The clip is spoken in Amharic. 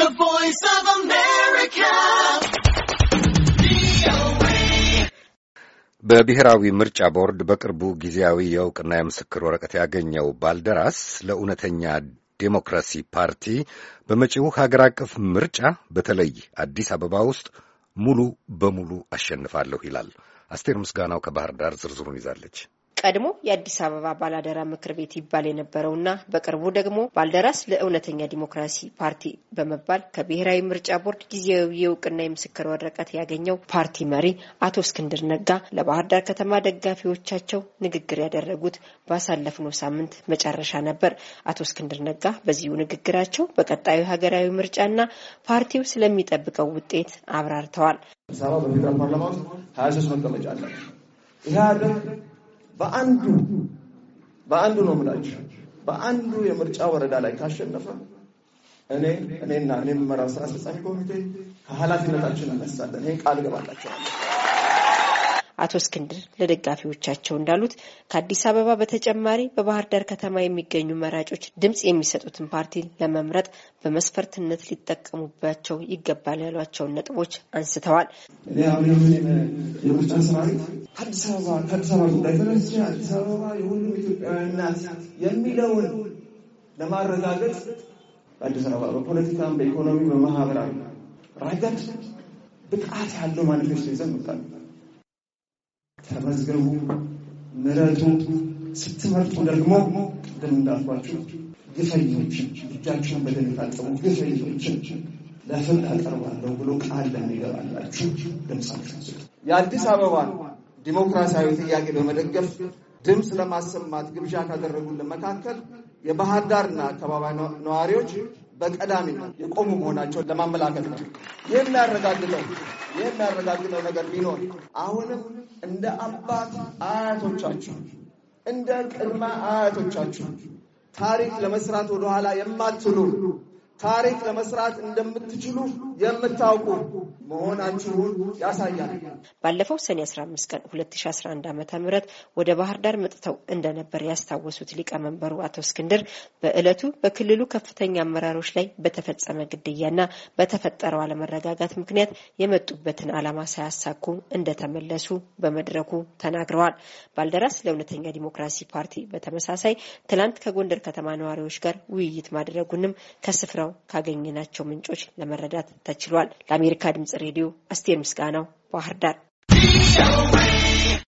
The Voice of America. በብሔራዊ ምርጫ ቦርድ በቅርቡ ጊዜያዊ የእውቅና የምስክር ወረቀት ያገኘው ባልደራስ ለእውነተኛ ዴሞክራሲ ፓርቲ በመጪው ሀገር አቀፍ ምርጫ በተለይ አዲስ አበባ ውስጥ ሙሉ በሙሉ አሸንፋለሁ ይላል። አስቴር ምስጋናው ከባህር ዳር ዝርዝሩን ይዛለች። ቀድሞ የአዲስ አበባ ባላደራ ምክር ቤት ይባል የነበረውና በቅርቡ ደግሞ ባልደራስ ለእውነተኛ ዲሞክራሲ ፓርቲ በመባል ከብሔራዊ ምርጫ ቦርድ ጊዜያዊ የእውቅና የምስክር ወረቀት ያገኘው ፓርቲ መሪ አቶ እስክንድር ነጋ ለባህር ዳር ከተማ ደጋፊዎቻቸው ንግግር ያደረጉት ባሳለፍነው ሳምንት መጨረሻ ነበር። አቶ እስክንድር ነጋ በዚሁ ንግግራቸው በቀጣዩ ሀገራዊ ምርጫና ፓርቲው ስለሚጠብቀው ውጤት አብራርተዋል። አዲስ አበባ ፓርላማ ሀያ ሶስት መቀመጫ አለ። በአንዱ በአንዱ ነው የምላችሁ በአንዱ የምርጫ ወረዳ ላይ ካሸነፈ እኔ እኔና እኔ የምመራው ስራ አስፈጻሚ ኮሚቴ ከኃላፊነታችን እንነሳለን። ይህን ቃል እገባላችኋለሁ። አቶ እስክንድር ለደጋፊዎቻቸው እንዳሉት ከአዲስ አበባ በተጨማሪ በባህር ዳር ከተማ የሚገኙ መራጮች ድምፅ የሚሰጡትን ፓርቲ ለመምረጥ በመስፈርትነት ሊጠቀሙባቸው ይገባል ያሏቸውን ነጥቦች አንስተዋል። አዲስ አበባ ከአዲስ አበባ ጉዳይ ተነስቼ አዲስ አበባ የሁሉም ኢትዮጵያውያን ናት የሚለውን ለማረጋገጥ በአዲስ አበባ በፖለቲካም፣ በኢኮኖሚ፣ በማህበራዊ ረገድ ብቃት ያለው ማኒፌስቶ ይዘን መጣል። ተመዝገቡ፣ ምረጡ። ስትመርጡ ደግሞ ቅድም እንዳልኳችሁ ግፈኞችን፣ እጃቸውን በደም ታጠቡ። ግፈኞችን ለፍርድ አቀርባለሁ ብሎ ቃል ለሚገባላችሁ ድምፃችሁ የአዲስ አበባ ነው ዲሞክራሲያዊ ጥያቄ በመደገፍ ድምፅ ለማሰማት ግብዣ ካደረጉልን መካከል የባህር ዳርና አካባቢ ነዋሪዎች በቀዳሚነት የቆሙ መሆናቸውን ለማመላከት ነው። ይህ የሚያረጋግጠው ይህ የሚያረጋግጠው ነገር ቢኖር አሁንም እንደ አባት አያቶቻችሁ እንደ ቅድመ አያቶቻችሁ ታሪክ ለመስራት ወደኋላ የማትሉ ታሪክ ለመስራት እንደምትችሉ የምታውቁ መሆናችሁን ያሳያል። ባለፈው ሰኔ 15 ቀን 2011 ዓ ም ወደ ባህር ዳር መጥተው እንደነበር ያስታወሱት ሊቀመንበሩ አቶ እስክንድር በዕለቱ በክልሉ ከፍተኛ አመራሮች ላይ በተፈጸመ ግድያና በተፈጠረው አለመረጋጋት ምክንያት የመጡበትን ዓላማ ሳያሳኩ እንደተመለሱ በመድረኩ ተናግረዋል። ባልደራስ ለእውነተኛ ዲሞክራሲ ፓርቲ በተመሳሳይ ትላንት ከጎንደር ከተማ ነዋሪዎች ጋር ውይይት ማድረጉንም ከስፍራው ነው ካገኘናቸው ምንጮች ለመረዳት ተችሏል። ለአሜሪካ ድምጽ ሬዲዮ አስቴር ምስጋናው ባህር ዳር